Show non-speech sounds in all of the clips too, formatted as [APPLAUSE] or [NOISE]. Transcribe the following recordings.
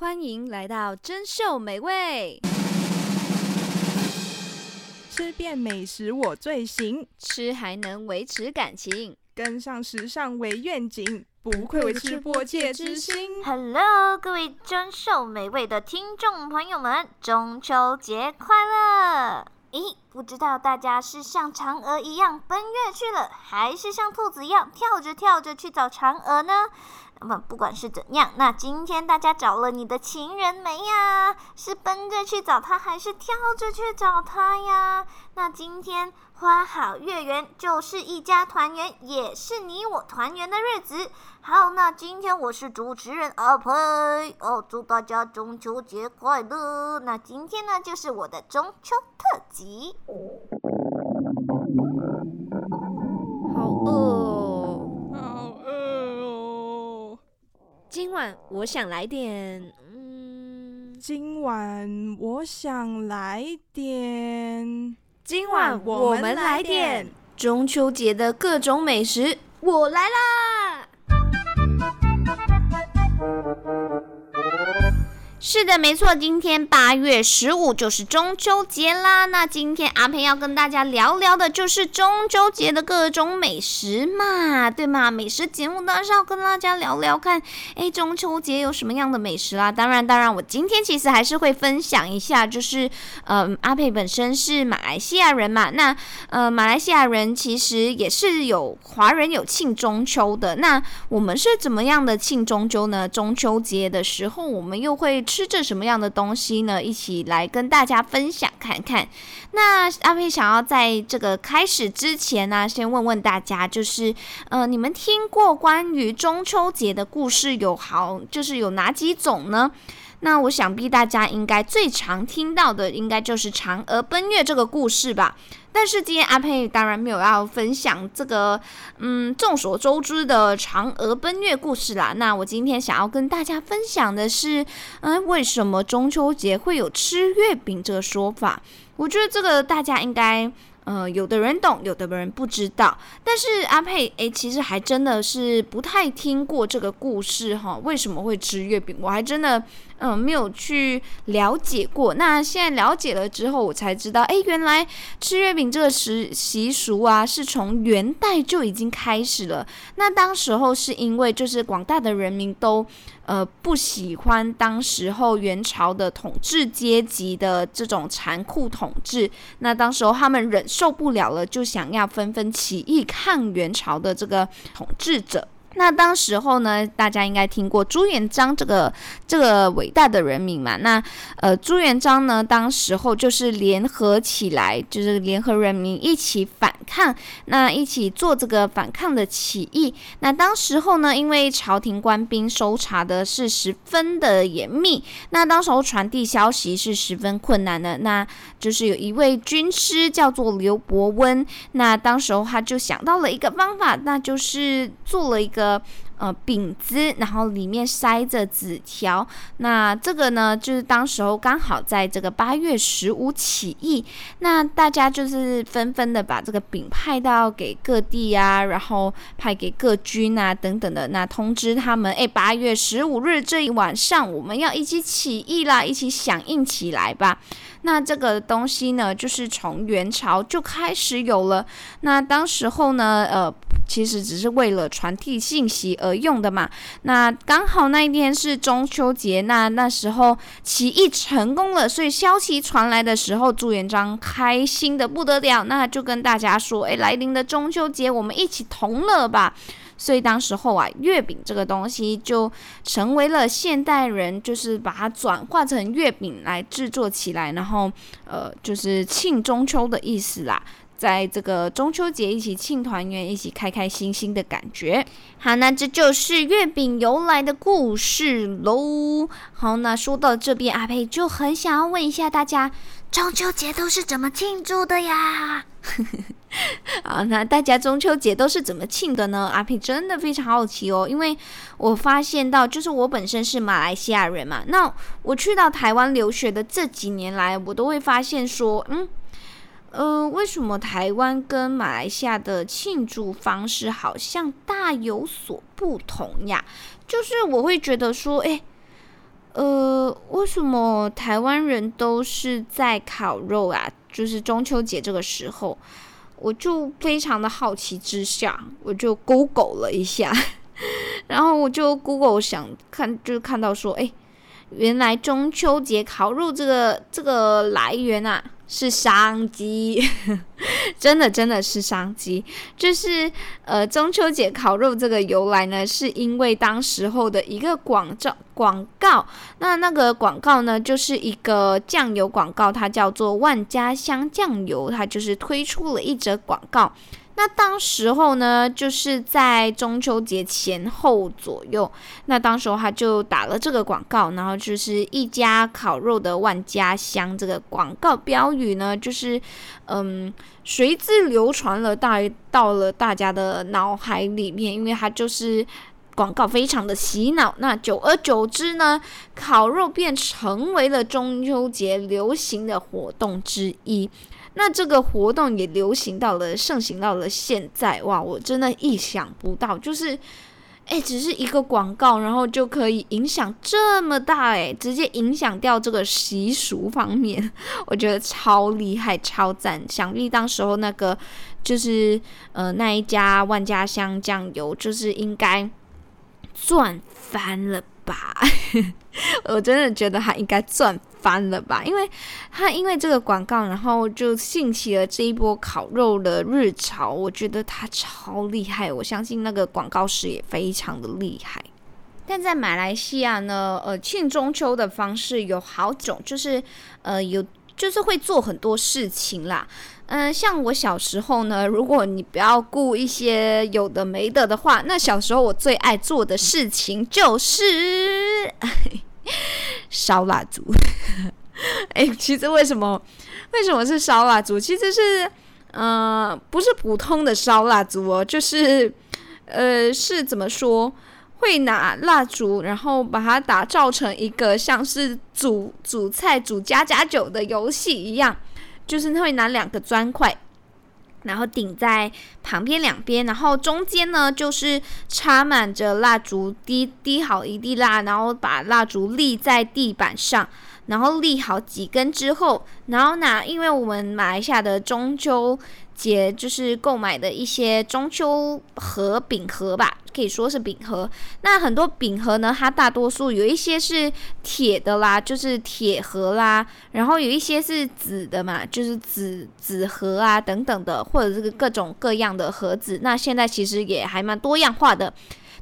歡迎來到珍饈美味，吃遍美食我最行，吃還能維持感情，跟上時尚為願景，不愧為吃播界之星。Hello，各位珍饈美味的聽眾朋友們，中秋節快樂！咦，不知道大家是像嫦娥一樣奔月去了，還是像兔子一樣跳着跳着去找嫦娥呢？不、嗯，不管是怎樣，那今天大家找了你的情人沒呀？是奔着去找他，還是跳着去找他呀？那今天花好月圓，就是一家團圓，也是你我團圓的日子。好，那今天我是主持人阿呸哦，祝大家中秋節快樂。那今天呢，就是我的中秋特輯。嗯今晚我想來點，嗯，今晚我想來點，今晚我們來點中秋節的各種美食，我來啦。是的，沒錯，今天八月十五就是中秋節啦。那今天阿佩要跟大家聊聊的，就是中秋節的各種美食嘛，對嗎？美食節目當然是要跟大家聊聊看，誒，中秋節有什麼樣的美食啦、啊？當然，當然，我今天其實還是會分享一下，就是，呃，阿佩本身是馬來西亞人嘛，那，呃，馬來西亞人其實也是有華人有慶中秋的。那我們是怎麼樣的慶中秋呢？中秋節的時候，我們又會，吃着什麼樣的東西呢？一起來跟大家分享看看。那阿飛想要在這個開始之前呢、啊，先問問大家，就是呃，你們聽過關於中秋節的故事有好，就是有哪幾種呢？那我想必大家應該最常聽到的，應該就是嫦娥奔月這個故事吧。但是今天阿佩當然沒有要分享這個，嗯，眾所周知的嫦娥奔月故事啦。那我今天想要跟大家分享的是，嗯、呃，為什麼中秋節會有吃月餅這個說法？我覺得這個大家應該，呃，有的人懂，有的人不知道。但是阿佩，誒，其實還真的是不太聽過這個故事哈，為什麼會吃月餅？我還真的。嗯，沒有去了解過。那現在了解了之後，我才知道，哎，原來吃月餅這個習習俗啊，是從元代就已經開始了。那當時候是因為，就是廣大的人民都呃不喜歡當時候元朝的統治階級的這種殘酷統治。那當時候他們忍受不了了，就想要紛紛起義抗元朝的這個統治者。那當時候呢，大家應該聽過朱元璋這個這個偉大的人民嘛？那呃，朱元璋呢，當時候就是聯合起來，就是聯合人民一起反抗，那一起做這個反抗的起義。那當時候呢，因為朝廷官兵搜查的是十分的嚴密，那當時候傳遞消息是十分困難的。那就是有一位軍師叫做劉伯溫，那當時候他就想到了一個方法，那就是做了一個。呃，餅子，然後裡面塞着紙條。那這個呢，就是當時候剛好在這個八月十五起義，那大家就是紛紛的把這個餅派到給各地啊，然後派給各軍啊等等的，那通知他們，哎，八月十五日這一晚上，我們要一起起義啦，一起響應起來吧。那這個東西呢，就是從元朝就開始有了。那當時候呢，呃。其實只是為了傳遞信息而用的嘛。那剛好那一天是中秋節，那那時候起義成功了，所以消息傳來的時候，朱元璋開心得不得了，那就跟大家說，哎，來臨的中秋節，我們一起同樂吧。所以當時候啊，月餅這個東西就成為了現代人，就是把它轉化成月餅來制作起來，然後呃，就是慶中秋的意思啦。在這個中秋節一起慶團圓，一起開開心心的感覺。好，那這就是月餅由來的故事嘍。好，那說到這邊，阿佩就很想要問一下大家，中秋節都是怎麼慶祝的呀？啊， [LAUGHS] 那大家中秋節都是怎麼慶的呢？阿佩真的非常好奇哦，因為我發現到，就是我本身是馬來西亞人嘛，那我去到台灣留學的這幾年來，我都會發現說，嗯。呃，為什麼台灣跟馬來西亞的慶祝方式好像大有所不同呀？就是我會覺得說，哎，呃，為什麼台灣人都是在烤肉啊？就是中秋節這個時候，我就非常的好奇之下，我就 Google 了一下，然後我就 Google 想看，就看到說，哎。原來中秋節烤肉這個這個來源啊，是商機呵呵，真的真的是商機。就是呃中秋節烤肉這個由來呢，是因為當時候的一個廣告廣告，那那個廣告呢，就是一個醬油廣告，它叫做萬家香醬油，它就是推出了一則廣告。那當時候呢，就是在中秋節前後左右，那當時候他就打了這個廣告，然後就是一家烤肉的萬家香，這個廣告標語呢，就是嗯，隨之流傳了大到了大家的腦海裡面，因為它就是廣告非常的洗腦。那久而久之呢，烤肉便成為了中秋節流行的活動之一。那這個活動也流行到了，盛行到了現在哇！我真的意想不到，就是，哎，只是一個廣告，然後就可以影響這麼大哎，直接影響掉這個習俗方面，我覺得超厲害、超讚。想必當時候那個就是呃，那一家萬家香醬油就是應該賺翻了。吧， [LAUGHS] 我真的覺得他應該賺翻了吧，因為他因為這個廣告，然後就興起了這一波烤肉的熱潮。我覺得他超厲害，我相信那個廣告師也非常的厲害。但在馬來西亞呢，呃，慶中秋的方式有好幾種，就是呃，有就是會做很多事情啦。嗯，像我小時候呢，如果你不要顧一些有的沒的的話，那小時候我最愛做的事情就是燒蠟燭。哎 [LAUGHS] 蠟燭、 [LAUGHS] 欸，其實為什麼為什麼是燒蠟燭？其實是，呃，不是普通的燒蠟燭哦，就是，呃，是怎麼說？會拿蠟燭，然後把它打造成一個像是煮煮菜、煮家家酒的遊戲一樣。就是會拿兩個磚塊，然後頂在旁邊兩邊，然後中間呢就是插滿着蠟燭，滴滴好一滴蠟，然後把蠟燭立在地板上，然後立好幾根之後，然後呢因為我們馬來西亞的中秋節就是購買的一些中秋盒餅盒吧，可以說是餅盒。那很多餅盒呢，它大多數有一些是鐵的啦，就是鐵盒啦，然後有一些是紙的嘛，就是紙紙盒啊等等的，或者是各種各樣的盒子。那現在其實也還蠻多樣化的。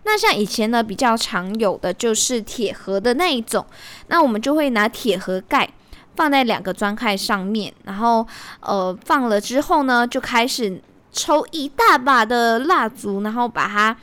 那像以前呢，比較常有的就是鐵盒的那一種，那我們就會拿鐵盒蓋。放在兩個磚塊上面，然後呃放了之後呢，就開始抽一大把的蠟燭，然後把它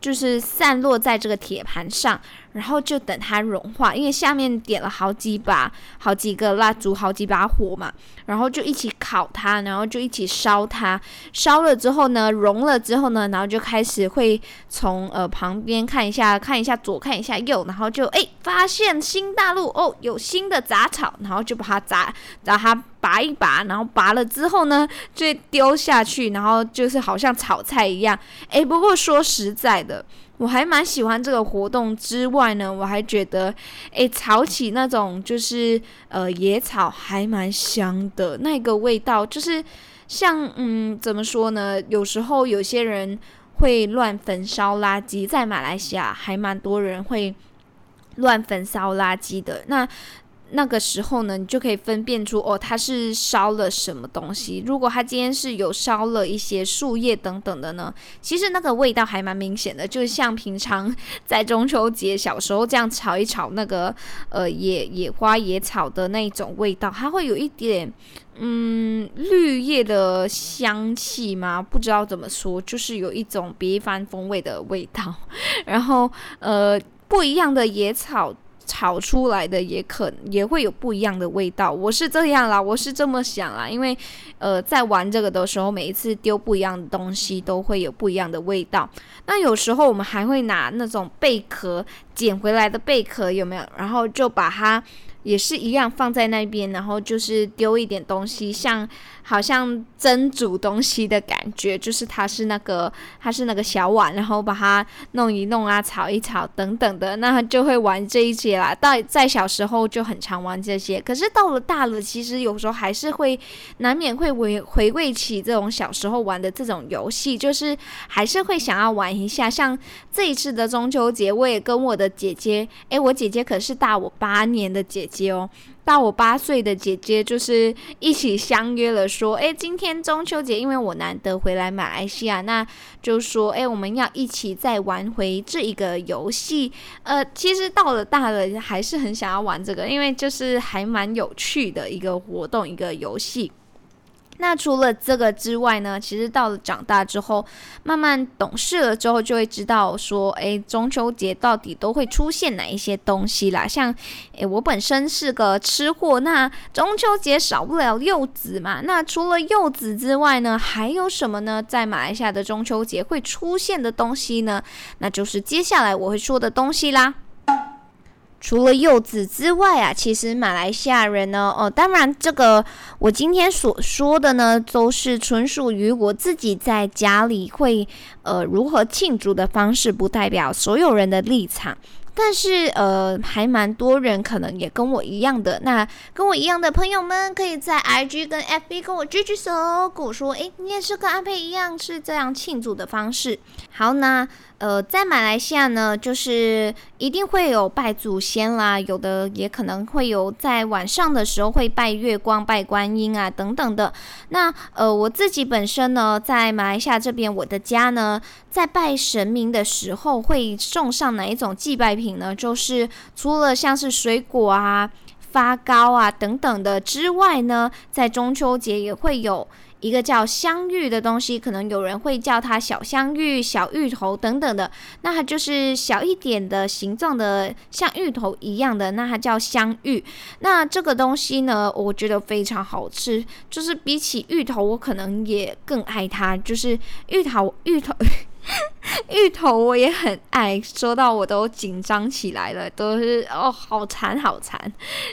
就是散落在這個鐵盤上。然後就等它融化，因為下面點了好幾把、好幾個蠟燭、好幾把火嘛，然後就一起烤它，然後就一起燒它。燒了之後呢，融了之後呢，然後就開始會從呃旁邊看一下，看一下左，看一下右，然後就哎發現新大陸哦，有新的雜草，然後就把它砸，把它拔一拔，然後拔了之後呢，就丟下去，然後就是好像炒菜一樣。哎，不過說實在的。我還蠻喜歡這個活動之外呢，我還覺得，誒，炒起那種就是呃野草還蠻香的，那個味道就是像嗯怎麼說呢？有時候有些人會亂焚燒垃圾，在馬來西亞還蠻多人會亂焚燒垃圾的那，那個時候呢，你就可以分辨出哦，它是燒了什麼東西。如果它今天是有燒了一些樹葉等等的呢，其實那個味道還蠻明顯的，就是像平常在中秋節小時候這樣炒一炒那個呃野野花野草的那種味道，它會有一點嗯綠葉的香氣嗎，不知道怎麼說，就是有一種別一番風味的味道，然後呃不一樣的野草。炒出來的也可也會有不一樣的味道，我是這樣啦，我是這麼想啦，因為，呃，在玩這個的時候，每一次丟不一樣的東西，都會有不一樣的味道。那有時候我們還會拿那種貝殼撿回來的貝殼，有沒有？然後就把它。也是一樣放在那邊，然後就是丟一點東西，像好像蒸煮東西的感覺，就是它是那個，它是那個小碗，然後把它弄一弄啊，炒一炒等等的，那他就會玩這一些啦。到在小時候就很常玩這些，可是到了大了，其實有時候還是會難免會回回味起這種小時候玩的這種遊戲，就是還是會想要玩一下。像這一次的中秋節，我也跟我的姐姐，哎、欸，我姐姐可是大我八年的姐姐。姐哦，大我八歲的姐姐就是一起相約了說，說、欸、誒今天中秋節，因為我難得回來馬來西亞，那就說誒、欸、我們要一起再玩回這一個遊戲。呃，其實到了大了還是很想要玩這個，因為就是還蠻有趣的一個活動，一個遊戲。那除了這個之外呢，其實到了長大之後，慢慢懂事了之後，就會知道說，誒，中秋節到底都會出現哪一些東西啦？像，誒，我本身是個吃貨，那中秋節少不了柚子嘛。那除了柚子之外呢，還有什麼呢？在馬來西亞的中秋節會出現的東西呢？那就是接下來我會說的東西啦。除了柚子之外啊，其實馬來西亞人呢，哦，當然，這個我今天所說的呢，都是純屬於我自己在家裡會，呃，如何慶祝的方式，不代表所有人的立場。但是呃，還蠻多人可能也跟我一樣的，那跟我一樣的朋友們，可以在 I G 跟 F B 跟我舉舉手，跟我說，哎，你也是跟阿佩一樣是這樣慶祝的方式。好，那呃，在馬來西亞呢，就是一定會有拜祖先啦，有的也可能會有在晚上的時候會拜月光、拜觀音啊等等的。那呃，我自己本身呢，在馬來西亞這邊，我的家呢，在拜神明的時候會送上哪一種祭拜品？呢，就是除了像是水果啊、發糕啊等等的之外呢，在中秋節也會有一個叫香芋的東西，可能有人會叫它小香芋、小芋頭等等的。那它就是小一點的形狀的，像芋頭一樣的，那它叫香芋。那這個東西呢，我覺得非常好吃，就是比起芋頭，我可能也更愛它。就是芋頭，芋頭。 [LAUGHS] 芋頭我也很愛，說到我都緊張起來了，都是哦，好饞好饞。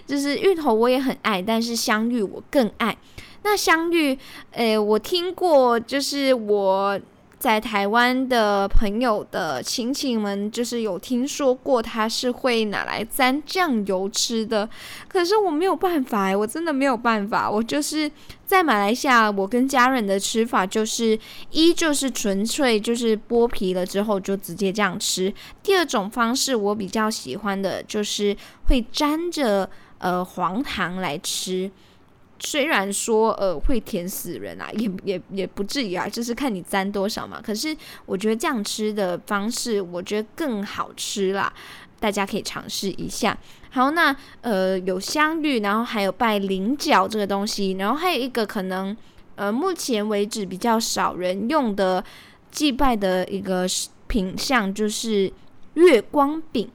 就是芋頭我也很愛，但是香芋我更愛。那香芋，誒、呃，我聽過，就是我。在台灣的朋友的親戚們，就是有聽說過他是會拿來沾醬油吃的，可是我沒有辦法耶，我真的沒有辦法。我就是在馬來西亞，我跟家人的吃法就是，一就是純粹就是剝皮了之後就直接這樣吃。第二種方式我比較喜歡的，就是會沾着呃黃糖來吃。雖然說呃會甜死人啊，也也也不至於啊，就是看你沾多少嘛。可是我覺得這樣吃的方式，我覺得更好吃啦，大家可以嘗試一下。好，那呃有香芋，然後還有拜菱角這個東西，然後還有一個可能呃目前為止比較少人用的祭拜的一個品項，就是月光餅。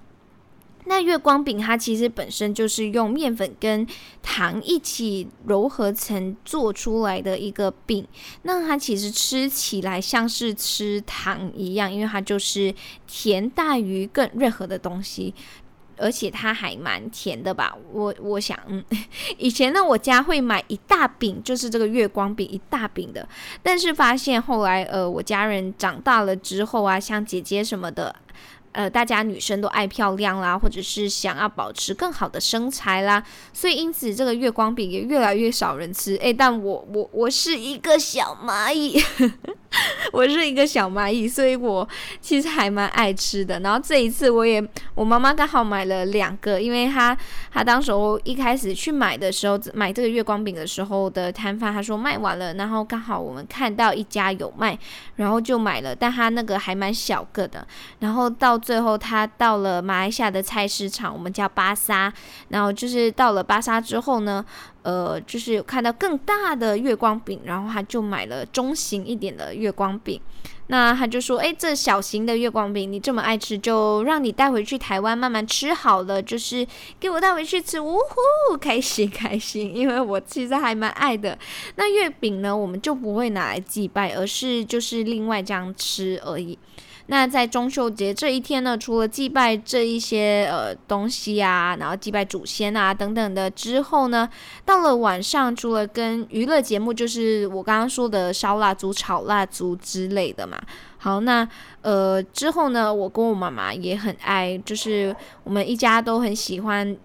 那月光餅它其實本身就是用麵粉跟糖一起揉合成做出來的一個餅，那它其實吃起來像是吃糖一樣，因為它就是甜大於更任何的東西，而且它還蠻甜的吧？我我想，嗯，以前呢，我家會買一大餅，就是這個月光餅一大餅的，但是發現後來呃，我家人長大了之後啊，像姐姐什麼的。呃，大家女生都愛漂亮啦，或者是想要保持更好的身材啦，所以因此這個月光餅也越來越少人吃。誒、欸，但我我我是一個小螞蟻， [LAUGHS] 我是一個小螞蟻，所以我其實還蠻愛吃的。然後這一次我也，我媽媽剛好買了兩個，因為她她當時一開始去買的時候，買這個月光餅的時候的攤販，她說賣完了，然後剛好我們看到一家有賣，然後就買了，但她那個還蠻小個的，然後到。最後他到了馬來西亞的菜市場，我們叫巴剎。然後就是到了巴剎之後呢，呃，就是有看到更大的月光餅，然後他就買了中型一點的月光餅。那他就說，誒，這小型的月光餅你這麼愛吃，就讓你帶回去臺灣慢慢吃好了，就是給我帶回去吃，嗚呼，開心開心，因為我其實還蠻愛的。那月餅呢，我們就不會拿來祭拜，而是就是另外這樣吃而已。那在中秋節這一天呢，除了祭拜這一些呃東西啊，然後祭拜祖先啊等等的之後呢，到了晚上除了跟娛樂節目，就是我剛剛說的燒蠟燭、炒蠟燭之類的嘛。好，那呃之後呢，我跟我媽媽也很愛，就是我們一家都很喜歡。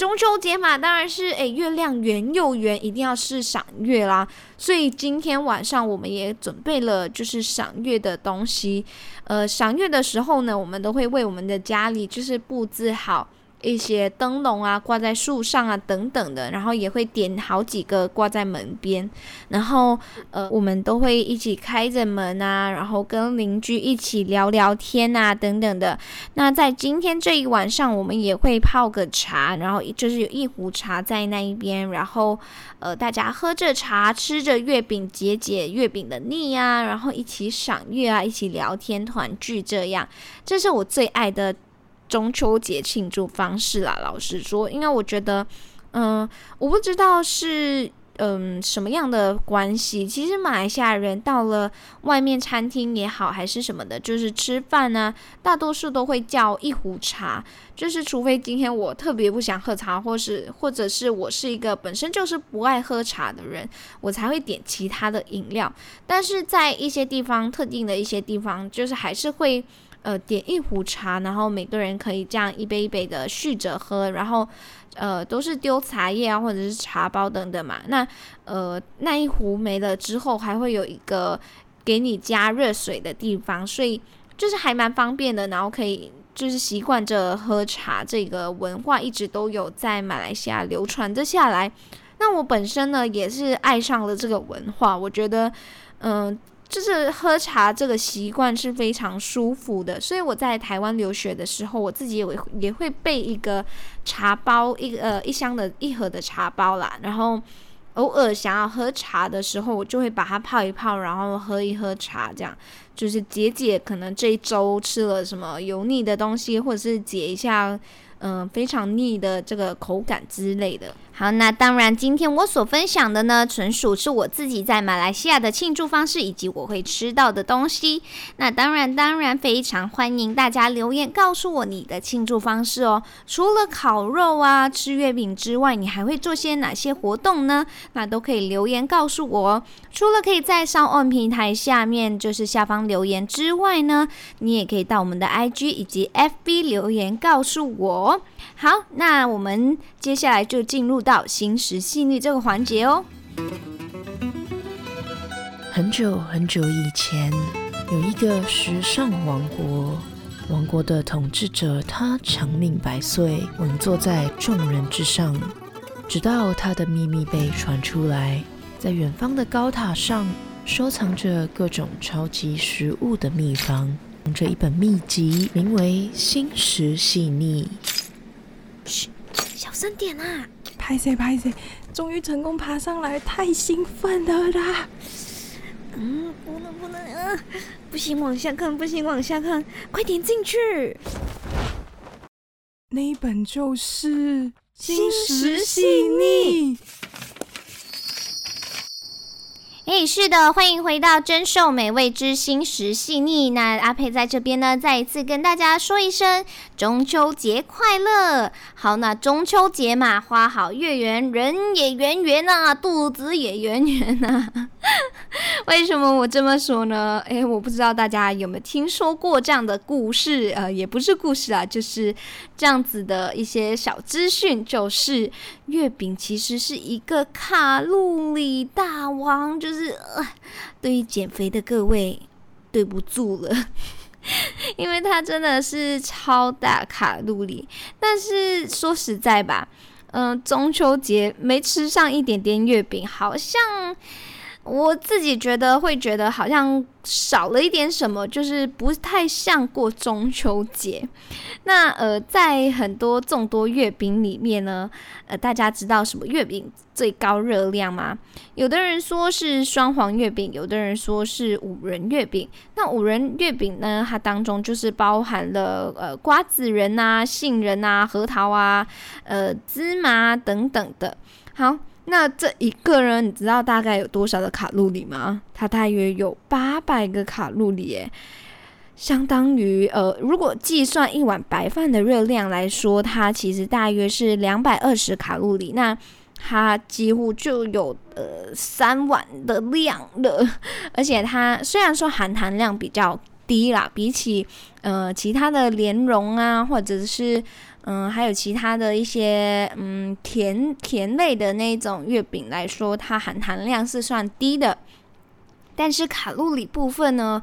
中秋節嘛，當然是哎，月亮圓又圓，一定要是賞月啦。所以今天晚上我們也準備了，就是賞月的東西。呃，賞月的時候呢，我們都會為我們的家裡就是佈置好。一些燈籠啊，掛在樹上啊，等等的，然後也會點好幾個掛在門邊，然後呃，我們都會一起開着門啊，然後跟鄰居一起聊聊天啊，等等的。那在今天這一晚上，我們也會泡個茶，然後就是有一壺茶在那一邊，然後呃，大家喝着茶，吃着月餅，解解月餅的膩啊，然後一起賞月啊，一起聊天團聚，這樣這是我最愛的。中秋節慶祝方式啦，老實說，因為我覺得，嗯、呃，我不知道是嗯、呃、什麼樣的關係。其實馬來西亞人到了外面餐廳也好，還是什麼的，就是吃飯呢、啊，大多數都會叫一壺茶。就是除非今天我特別不想喝茶，或是或者是我是一個本身就是不愛喝茶的人，我才會點其他的飲料。但是在一些地方，特定的一些地方，就是還是會呃點一壺茶，然後每個人可以這樣一杯一杯的續着喝，然後呃都是丟茶葉啊或者是茶包等等嘛。那呃那一壺沒了之後，還會有一個給你加熱水的地方，所以就是還蠻方便的，然後可以。就是習慣着喝茶，這個文化一直都有在馬來西亞流傳着下來。那我本身呢，也是愛上了這個文化。我覺得，嗯，就是喝茶這個習慣是非常舒服的。所以我在台灣留學的時候，我自己也會也會備一個茶包，一呃一箱的一盒的茶包啦。然後偶爾想要喝茶的時候，我就會把它泡一泡，然後喝一喝茶這樣。就是解解，可能這一周吃了什麼油膩的東西，或者是解一下，嗯、呃，非常膩的這個口感之類的。好，那當然，今天我所分享的呢，純屬是我自己在馬來西亞的慶祝方式，以及我會吃到的東西。那當然，當然非常歡迎大家留言告訴我你的慶祝方式哦。除了烤肉啊、吃月餅之外，你還會做些哪些活動呢？那都可以留言告訴我哦。除了可以在 SoundOn 平台下面就是下方留言之外呢，你也可以到我們的 IG 以及 FB 留言告訴我。好，那我們接下來就進入到心思細膩這個環節哦。很久很久以前，有一個時尚王國，王國的統治者他長命百歲，穩坐在眾人之上，直到他的秘密被傳出來。在遠方的高塔上，收藏着各種超級食物的秘方，這一本秘籍，名為《心食細膩》。噓，小聲點啊！拍誰？拍誰？終於成功爬上來，太興奮了啦！嗯，不能不能啊！不行，往下看，不行，往下看，快點進去。那一本就是細《心食細膩》。哎，是的，歡迎回到珍獸美味之心食細膩。那阿佩在這邊呢，再一次跟大家說一聲，中秋節快樂。好，那中秋節嘛，花好月圓，人也圓圓吶、啊，肚子也圓圓吶、啊。為什麼我這麼說呢？誒，我不知道大家有沒有聽說過這樣的故事，呃，也不是故事啊，就是這樣子的一些小資訊，就是月餅其實是一個卡路里大王，就是呃，對於減肥的各位，對不住了， [LAUGHS] 因為它真的是超大卡路里。但是說實在吧，嗯、呃，中秋節沒吃上一點點月餅，好像。我自己覺得會覺得好像少了一點什麼，就是不太像過中秋節。那呃，在很多眾多月餅裡面呢，呃，大家知道什麼月餅最高熱量嗎？有的人說是雙黃月餅，有的人說是五仁月餅。那五仁月餅呢，它當中就是包含了呃瓜子仁啊、杏仁啊、核桃啊、呃芝麻等等的。好。那這一個呢，你知道大概有多少的卡路里嗎？它大約有八百個卡路里，耶。相當於呃，如果計算一碗白飯的熱量來說，它其實大約是兩百二十卡路里。那它幾乎就有呃三碗的量了，而且它雖然說含糖量比較低啦，比起呃其他的蓮蓉啊，或者是。嗯，還有其他的一些嗯，甜甜味的那種月餅來說，它含糖量是算低的，但是卡路里部分呢？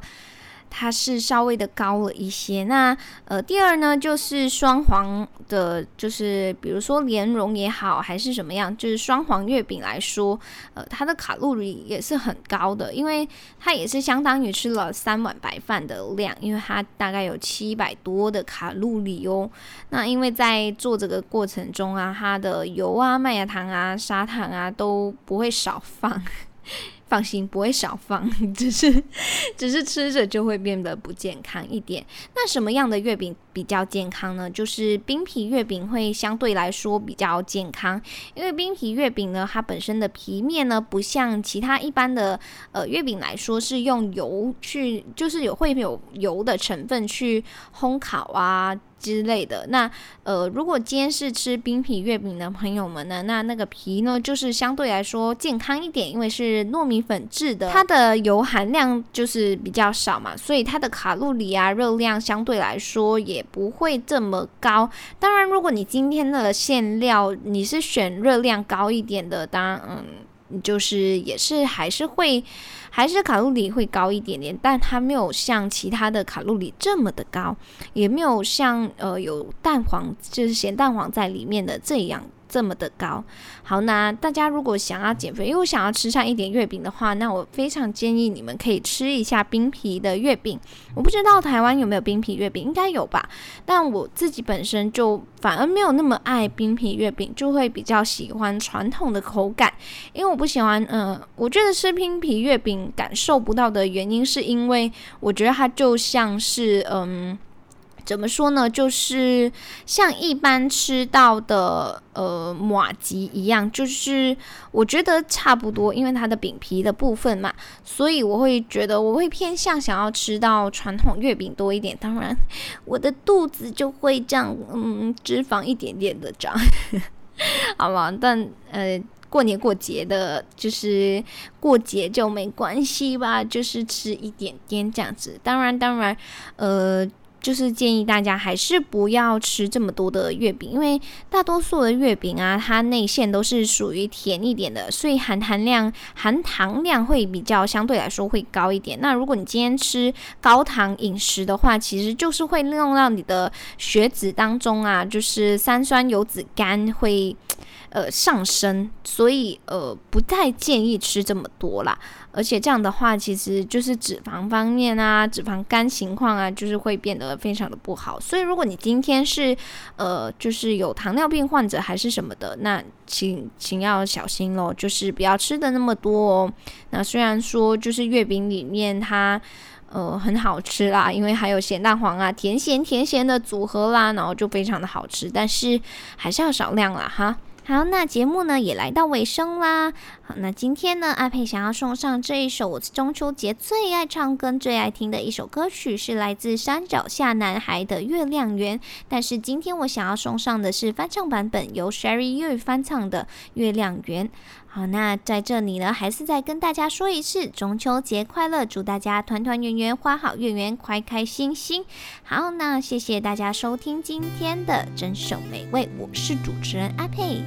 它是稍微的高了一些，那呃，第二呢，就是雙黃的，就是比如說蓮蓉也好，還是什麼樣，就是雙黃月餅來說，呃，它的卡路里也是很高的，因為它也是相當於吃了三碗白飯的量，因為它大概有七百多的卡路里哦。那因為在做這個過程中啊，它的油啊、麥芽糖啊、砂糖啊都不會少放。 [LAUGHS] 放心，不會少放，只是只是吃着就會變得不健康一點。那什麼樣的月餅比較健康呢？就是冰皮月餅會相對來說比較健康，因為冰皮月餅呢，它本身的皮麵呢，不像其他一般的呃月餅來說是用油去，就是有會有油的成分去烘烤啊。之類的，那呃，如果今天是吃冰皮月餅的朋友們呢，那那個皮呢，就是相對來說健康一點，因為是糯米粉製的，它的油含量就是比較少嘛，所以它的卡路里啊，熱量相對來說也不會這麼高。當然，如果你今天的餡料你是選熱量高一點的，當然嗯，就是也是還是會。還是卡路里會高一點點，但它沒有像其他的卡路里這麼的高，也沒有像呃有蛋黃，就是鹹蛋黃在裡面的這樣。這麼的高，好，那大家如果想要減肥，又我想要吃上一點月餅的話，那我非常建議你們可以吃一下冰皮的月餅。我不知道台灣有沒有冰皮月餅，應該有吧？但我自己本身就反而沒有那麼愛冰皮月餅，就會比較喜歡傳統的口感。因為我不喜歡，嗯、呃，我覺得吃冰皮月餅感受不到的原因，是因為我覺得它就像是，嗯。怎麼說呢？就是像一般吃到的呃麻糬一樣，就是我覺得差不多，因為它的餅皮的部分嘛，所以我會覺得我會偏向想要吃到傳統月餅多一點。當然，我的肚子就會這樣，嗯，脂肪一點點的長，呵呵好吧。但呃，過年過節的，就是過節就沒關係吧，就是吃一點點這樣子。當然，當然，呃。就是建議大家還是不要吃這麼多的月餅，因為大多數的月餅啊，它內餡都是屬於甜一點的，所以含糖量、含糖量會比較相對來說會高一點。那如果你今天吃高糖飲食的話，其實就是會弄到你的血脂當中啊，就是三酸甘油酯會呃上升，所以呃不太建議吃這麼多了。而且這樣的話，其實就是脂肪方面啊，脂肪肝情況啊，就是會變得非常的不好。所以如果你今天是，呃，就是有糖尿病患者還是什麼的，那請請要小心咯，就是不要吃的那麼多哦。那雖然說就是月餅裡面它，呃，很好吃啦，因為還有鹹蛋黃啊，甜鹹甜鹹的組合啦，然後就非常的好吃，但是還是要少量啦哈。好，那節目呢也來到尾聲啦。好，那今天呢，阿佩想要送上這一首我中秋節最愛唱跟最愛聽的一首歌曲，是來自山腳下男孩的《月亮圓》。但是今天我想要送上的是翻唱版本，由 Sherry Yu 翻唱的《月亮圓》。好，那在這裡呢，還是再跟大家說一次，中秋節快樂，祝大家團團圓圓，花好月圓，開開心心。好，那謝謝大家收聽今天的珍饈美味，我是主持人阿佩。